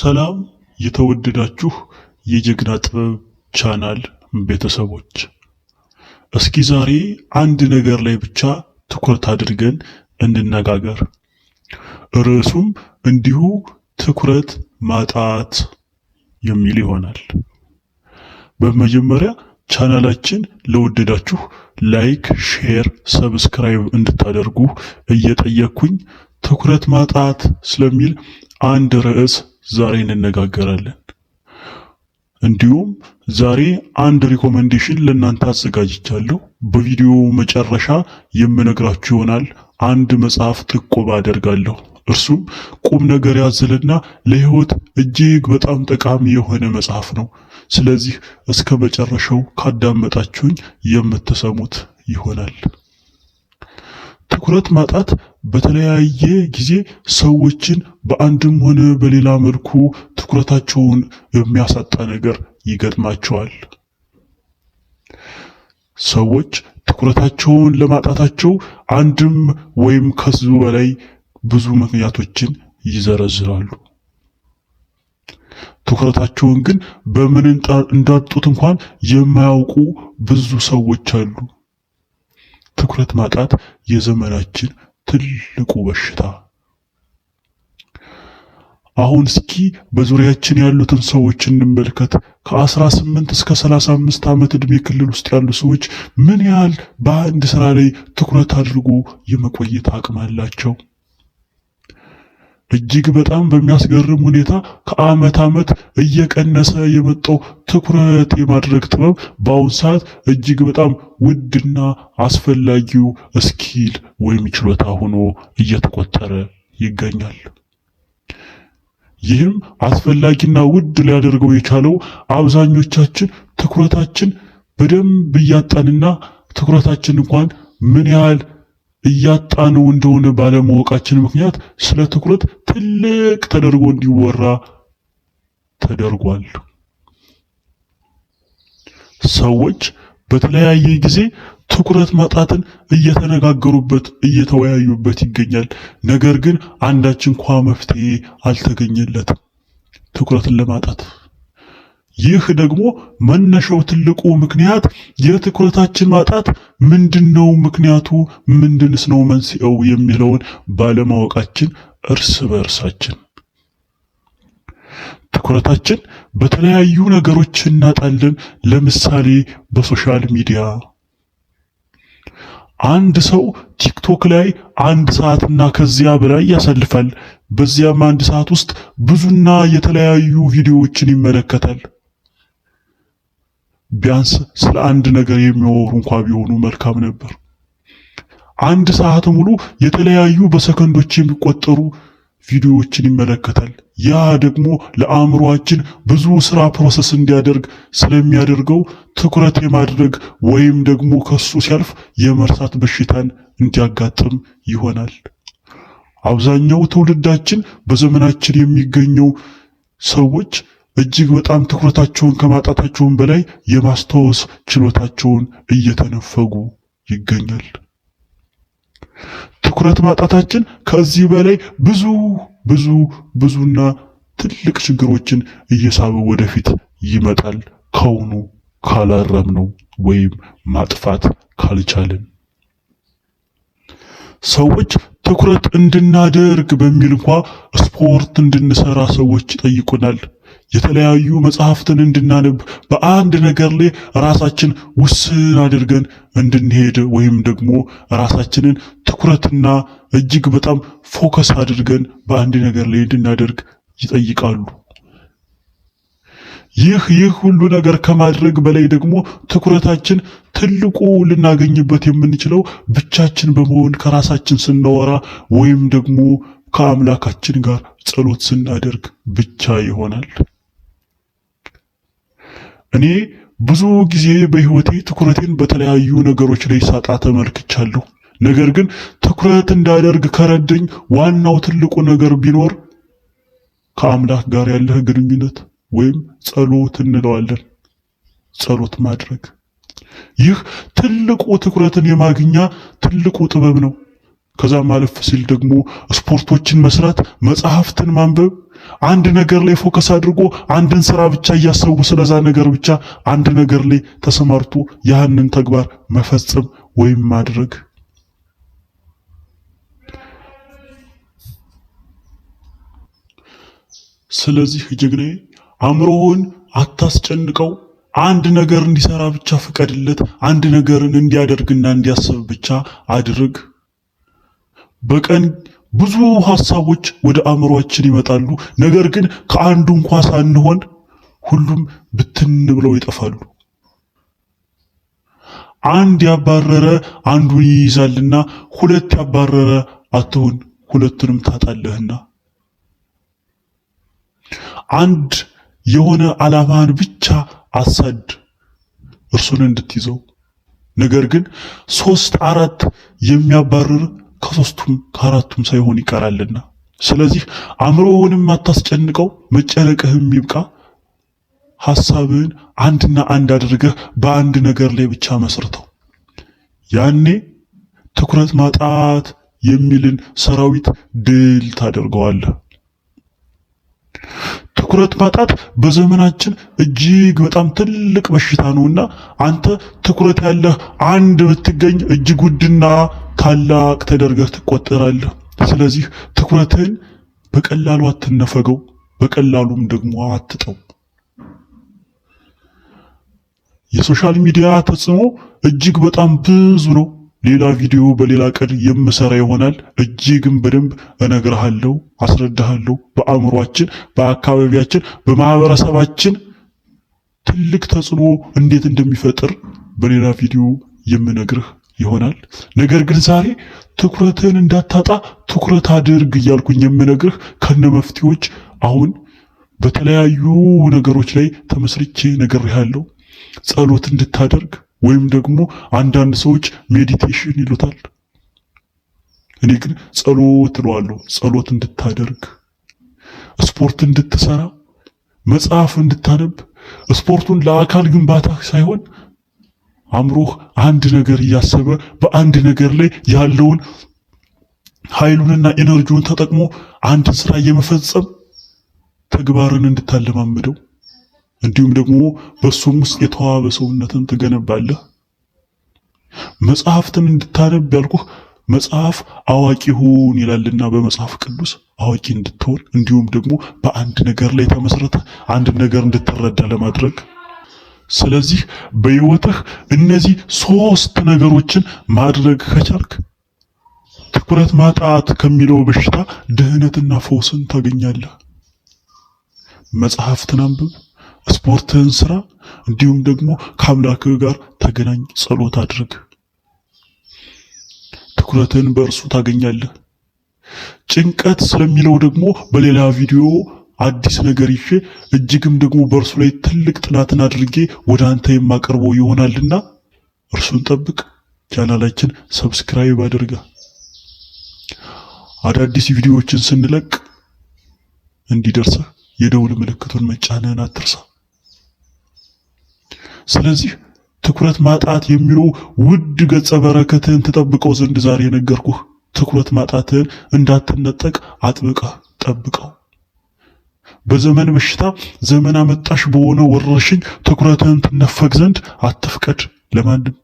ሰላም የተወደዳችሁ የጀግና ጥበብ ቻናል ቤተሰቦች፣ እስኪ ዛሬ አንድ ነገር ላይ ብቻ ትኩረት አድርገን እንነጋገር። ርዕሱም እንዲሁ ትኩረት ማጣት የሚል ይሆናል። በመጀመሪያ ቻናላችን ለወደዳችሁ ላይክ፣ ሼር፣ ሰብስክራይብ እንድታደርጉ እየጠየቅኩኝ ትኩረት ማጣት ስለሚል አንድ ርዕስ ዛሬ እንነጋገራለን። እንዲሁም ዛሬ አንድ ሪኮሜንዴሽን ለእናንተ አዘጋጅቻለሁ። በቪዲዮ መጨረሻ የምነግራችሁ ይሆናል። አንድ መጽሐፍ ጥቆማ አደርጋለሁ። እርሱም ቁም ነገር ያዘልና ለሕይወት እጅግ በጣም ጠቃሚ የሆነ መጽሐፍ ነው። ስለዚህ እስከ መጨረሻው ካዳመጣችሁኝ የምትሰሙት ይሆናል። ትኩረት ማጣት በተለያየ ጊዜ ሰዎችን በአንድም ሆነ በሌላ መልኩ ትኩረታቸውን የሚያሳጣ ነገር ይገጥማቸዋል። ሰዎች ትኩረታቸውን ለማጣታቸው አንድም ወይም ከሱ በላይ ብዙ ምክንያቶችን ይዘረዝራሉ። ትኩረታቸውን ግን በምን እንዳጡት እንኳን የማያውቁ ብዙ ሰዎች አሉ። ትኩረት ማጣት የዘመናችን ትልቁ በሽታ። አሁን እስኪ በዙሪያችን ያሉትን ሰዎች እንመልከት። ከ18 እስከ 35 ዓመት ዕድሜ ክልል ውስጥ ያሉ ሰዎች ምን ያህል በአንድ ስራ ላይ ትኩረት አድርጎ የመቆየት አቅም አላቸው? እጅግ በጣም በሚያስገርም ሁኔታ ከዓመት ዓመት እየቀነሰ የመጣው ትኩረት የማድረግ ጥበብ በአሁን ሰዓት እጅግ በጣም ውድና አስፈላጊው እስኪል ወይም ችሎታ ሆኖ እየተቆጠረ ይገኛል። ይህም አስፈላጊና ውድ ሊያደርገው የቻለው አብዛኞቻችን ትኩረታችን በደንብ እያጣንና ትኩረታችን እንኳን ምን ያህል እያጣነው እንደሆነ ባለማወቃችን ምክንያት ስለ ትኩረት ትልቅ ተደርጎ እንዲወራ ተደርጓል። ሰዎች በተለያየ ጊዜ ትኩረት ማጣትን እየተነጋገሩበት እየተወያዩበት ይገኛል። ነገር ግን አንዳች እንኳ መፍትሄ አልተገኘለትም ትኩረትን ለማጣት። ይህ ደግሞ መነሻው ትልቁ ምክንያት የትኩረታችን ማጣት ምንድነው? ምክንያቱ ምንድንስ ነው መንስኤው የሚለውን ባለማወቃችን እርስ በእርሳችን ትኩረታችን በተለያዩ ነገሮች እናጣለን። ለምሳሌ በሶሻል ሚዲያ አንድ ሰው ቲክቶክ ላይ አንድ ሰዓትና ከዚያ በላይ ያሳልፋል። በዚያም አንድ ሰዓት ውስጥ ብዙና የተለያዩ ቪዲዮዎችን ይመለከታል። ቢያንስ ስለ አንድ ነገር የሚያወሩ እንኳ ቢሆኑ መልካም ነበር። አንድ ሰዓት ሙሉ የተለያዩ በሰከንዶች የሚቆጠሩ ቪዲዮዎችን ይመለከታል። ያ ደግሞ ለአእምሯችን ብዙ ስራ ፕሮሰስ እንዲያደርግ ስለሚያደርገው ትኩረት የማድረግ ወይም ደግሞ ከሱ ሲያልፍ የመርሳት በሽታን እንዲያጋጥም ይሆናል። አብዛኛው ትውልዳችን በዘመናችን የሚገኘው ሰዎች እጅግ በጣም ትኩረታቸውን ከማጣታቸውን በላይ የማስታወስ ችሎታቸውን እየተነፈጉ ይገኛል። ትኩረት ማጣታችን ከዚህ በላይ ብዙ ብዙ ብዙና ትልቅ ችግሮችን እየሳበ ወደፊት ይመጣል ከውኑ ካላረምነው ወይም ማጥፋት ካልቻልን። ሰዎች ትኩረት እንድናደርግ በሚል እንኳ ስፖርት እንድንሰራ ሰዎች ይጠይቁናል። የተለያዩ መጽሐፍትን እንድናነብ በአንድ ነገር ላይ ራሳችን ውስን አድርገን እንድንሄድ ወይም ደግሞ ራሳችንን ትኩረትና እጅግ በጣም ፎከስ አድርገን በአንድ ነገር ላይ እንድናደርግ ይጠይቃሉ። ይህ ይህ ሁሉ ነገር ከማድረግ በላይ ደግሞ ትኩረታችን ትልቁ ልናገኝበት የምንችለው ብቻችን በመሆን ከራሳችን ስናወራ ወይም ደግሞ ከአምላካችን ጋር ጸሎት ስናደርግ ብቻ ይሆናል። እኔ ብዙ ጊዜ በህይወቴ ትኩረቴን በተለያዩ ነገሮች ላይ ሳጣ ተመልክቻለሁ። ነገር ግን ትኩረት እንዳደርግ ከረደኝ ዋናው ትልቁ ነገር ቢኖር ከአምላክ ጋር ያለህ ግንኙነት ወይም ጸሎት እንለዋለን፣ ጸሎት ማድረግ። ይህ ትልቁ ትኩረትን የማግኛ ትልቁ ጥበብ ነው። ከዛም አለፍ ሲል ደግሞ ስፖርቶችን መስራት፣ መጽሐፍትን ማንበብ አንድ ነገር ላይ ፎከስ አድርጎ አንድን ስራ ብቻ እያሰቡ ስለዛ ነገር ብቻ አንድ ነገር ላይ ተሰማርቶ ያህንን ተግባር መፈጸም ወይም ማድረግ ስለዚህ ጀግናዬ አእምሮውን አታስጨንቀው። አንድ ነገር እንዲሰራ ብቻ ፍቀድለት። አንድ ነገርን እንዲያደርግና እንዲያስብ ብቻ አድርግ። በቀን ብዙ ሐሳቦች ወደ አእምሮአችን ይመጣሉ። ነገር ግን ከአንዱ እንኳ ሳንሆን ሁሉም ብትን ብለው ይጠፋሉ። አንድ ያባረረ አንዱን ይይዛልና፣ ሁለት ያባረረ አትሆን ሁለቱንም ታጣለህና። አንድ የሆነ አላማን ብቻ አሳድ እርሱን እንድትይዘው። ነገር ግን ሶስት አራት የሚያባርር ከሶስቱም ከአራቱም ሳይሆን ይቀራልና ስለዚህ አእምሮውንም አታስጨንቀው፣ መጨነቅህም ይብቃ። ሐሳብህን አንድና አንድ አድርገህ በአንድ ነገር ላይ ብቻ መስርተው። ያኔ ትኩረት ማጣት የሚልን ሰራዊት ድል ታደርገዋለህ። ትኩረት ማጣት በዘመናችን እጅግ በጣም ትልቅ በሽታ ነውና አንተ ትኩረት ያለህ አንድ ብትገኝ እጅግ ውድና ታላቅ ተደርገህ ትቆጠራለህ። ስለዚህ ትኩረትህን በቀላሉ አትነፈገው፣ በቀላሉም ደግሞ አትጠው። የሶሻል ሚዲያ ተጽዕኖ እጅግ በጣም ብዙ ነው። ሌላ ቪዲዮ በሌላ ቀን የምሰራ ይሆናል። እጅግም በደንብ እነግርሃለሁ፣ አስረዳሃለሁ። በአእምሯችን፣ በአካባቢያችን፣ በማህበረሰባችን ትልቅ ተጽዕኖ እንዴት እንደሚፈጥር በሌላ ቪዲዮ የምነግርህ ይሆናል። ነገር ግን ዛሬ ትኩረትህን እንዳታጣ ትኩረት አድርግ እያልኩኝ የምነግርህ ከነ መፍትሄዎች አሁን በተለያዩ ነገሮች ላይ ተመስርቼ ነግሬሃለሁ። ጸሎት እንድታደርግ ወይም ደግሞ አንዳንድ ሰዎች ሜዲቴሽን ይሉታል። እኔ ግን ጸሎት እለዋለሁ። ጸሎት እንድታደርግ፣ ስፖርት እንድትሰራ፣ መጽሐፍ እንድታነብ፣ ስፖርቱን ለአካል ግንባታ ሳይሆን አእምሮህ አንድ ነገር እያሰበ በአንድ ነገር ላይ ያለውን ኃይሉንና ኤነርጂውን ተጠቅሞ አንድን ስራ የመፈጸም ተግባርን እንድታለማምደው እንዲሁም ደግሞ በሱም ውስጥ የተዋበ ሰውነትን ትገነባለህ። መጽሐፍትን እንድታነብ ያልኩህ መጽሐፍ አዋቂ ሁን ይላልና በመጽሐፍ ቅዱስ አዋቂ እንድትሆን እንዲሁም ደግሞ በአንድ ነገር ላይ ተመስረተ አንድ ነገር እንድትረዳ ለማድረግ ስለዚህ በህይወትህ እነዚህ ሶስት ነገሮችን ማድረግ ከቻልክ ትኩረት ማጣት ከሚለው በሽታ ድህነትና ፈውስን ታገኛለህ። መጽሐፍትን አንብብ፣ ስፖርትህን ስራ፣ እንዲሁም ደግሞ ከአምላክህ ጋር ተገናኝ፣ ጸሎት አድርግ። ትኩረትህን በእርሱ ታገኛለህ። ጭንቀት ስለሚለው ደግሞ በሌላ ቪዲዮ አዲስ ነገር ይዤ እጅግም ደግሞ በእርሱ ላይ ትልቅ ጥናትን አድርጌ ወደ አንተ የማቀርበው ይሆናልና እርሱን ጠብቅ። ቻናላችን ሰብስክራይብ አድርጋ አዳዲስ ቪዲዮዎችን ስንለቅ እንዲደርስ የደውል ምልክቱን መጫንህን አትርሳ። ስለዚህ ትኩረት ማጣት የሚለው ውድ ገጸ በረከትህን ትጠብቀው ዘንድ ዛሬ ነገርኩህ ትኩረት ማጣትህን እንዳትነጠቅ አጥብቀህ ጠብቀው። በዘመን በሽታ ዘመን አመጣሽ በሆነ ወረርሽኝ ትኩረትህን ትነፈግ ዘንድ አትፍቀድ ለማንም።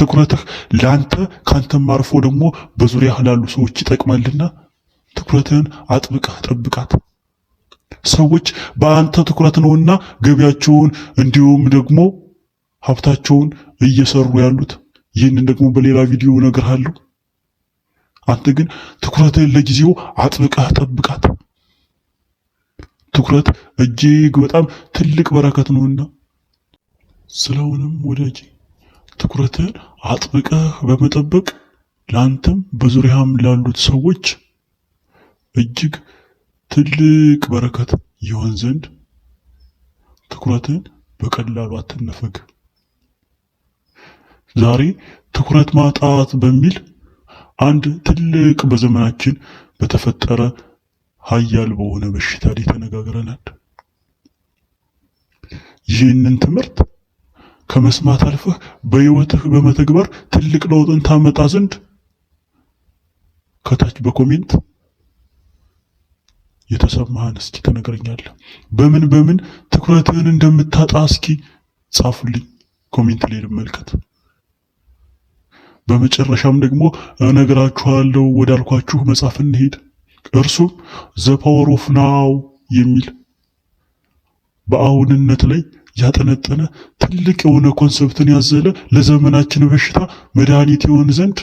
ትኩረትህ ለአንተ ካንተም አርፎ ደግሞ በዙሪያህ ላሉ ሰዎች ይጠቅማልና ትኩረትህን አጥብቀህ ጠብቃት። ሰዎች በአንተ ትኩረት ነውና ገቢያቸውን እንዲሁም ደግሞ ሀብታቸውን እየሰሩ ያሉት። ይህንን ደግሞ በሌላ ቪዲዮ እነግርሃለሁ። አንተ ግን ትኩረትህን ለጊዜው አጥብቀህ ጠብቃት። ትኩረት እጅግ በጣም ትልቅ በረከት ነውና፣ ስለሆነም ወዳጄ ትኩረትን አጥብቀህ በመጠበቅ ለአንተም በዙሪያም ላሉት ሰዎች እጅግ ትልቅ በረከት ይሆን ዘንድ ትኩረትን በቀላሉ አትነፈግ። ዛሬ ትኩረት ማጣት በሚል አንድ ትልቅ በዘመናችን በተፈጠረ ሀያል በሆነ በሽታ ላይ ተነጋግረናል። ይህንን ትምህርት ከመስማት አልፈህ በህይወትህ በመተግበር ትልቅ ለውጥን ታመጣ ዘንድ ከታች በኮሜንት የተሰማህን እስኪ ተነግረኛለህ። በምን በምን ትኩረትህን እንደምታጣ እስኪ ጻፉልኝ፣ ኮሜንት ላይ ልመልከት። በመጨረሻም ደግሞ እነግራችኋለሁ ወዳልኳችሁ መጽሐፍ እንሄድ። እርሱም ዘ ፓወር ኦፍ ናው የሚል በአሁንነት ላይ ያጠነጠነ ትልቅ የሆነ ኮንሰፕትን ያዘለ ለዘመናችን በሽታ መድኃኒት ይሆን ዘንድ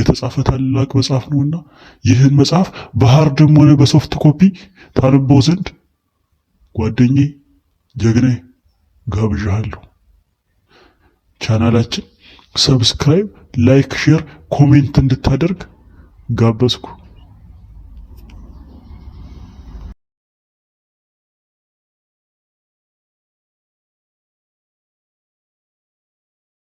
የተጻፈ ታላቅ መጽሐፍ ነውና ይህን መጽሐፍ በሃርድም ሆነ በሶፍት ኮፒ ታነበው ዘንድ ጓደኜ ጀግናዬ ጋብዣሃለሁ። ቻናላችን ሰብስክራይብ፣ ላይክ፣ ሼር፣ ኮሜንት እንድታደርግ ጋበዝኩ።